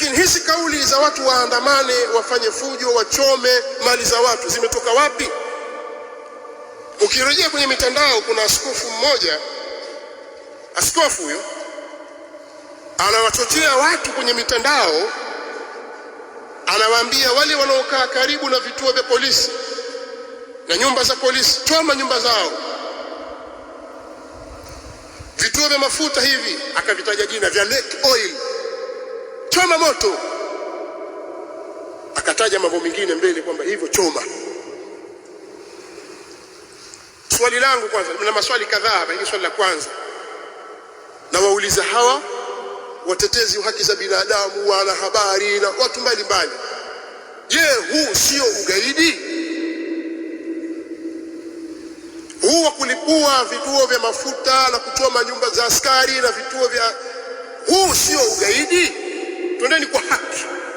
Lakini hizi kauli za watu waandamane, wafanye fujo, wachome mali za watu zimetoka wapi? Ukirejea kwenye mitandao, kuna askofu mmoja, askofu huyo anawachochea watu kwenye mitandao, anawaambia wale wanaokaa karibu na vituo vya polisi na nyumba za polisi, choma nyumba zao, vituo vya mafuta hivi, akavitaja jina vya Lake Oil choma moto. Akataja mambo mengine mbele kwamba hivyo choma. Swali langu kwanza, na maswali kadhaa, lakini swali la kwanza nawauliza hawa watetezi wa haki za binadamu, wanahabari na watu mbalimbali, je, huu sio ugaidi? Huu wa kulipua vituo vya mafuta na kuchoma nyumba za askari na vituo vya, huu sio ugaidi? twendeni kwa haki.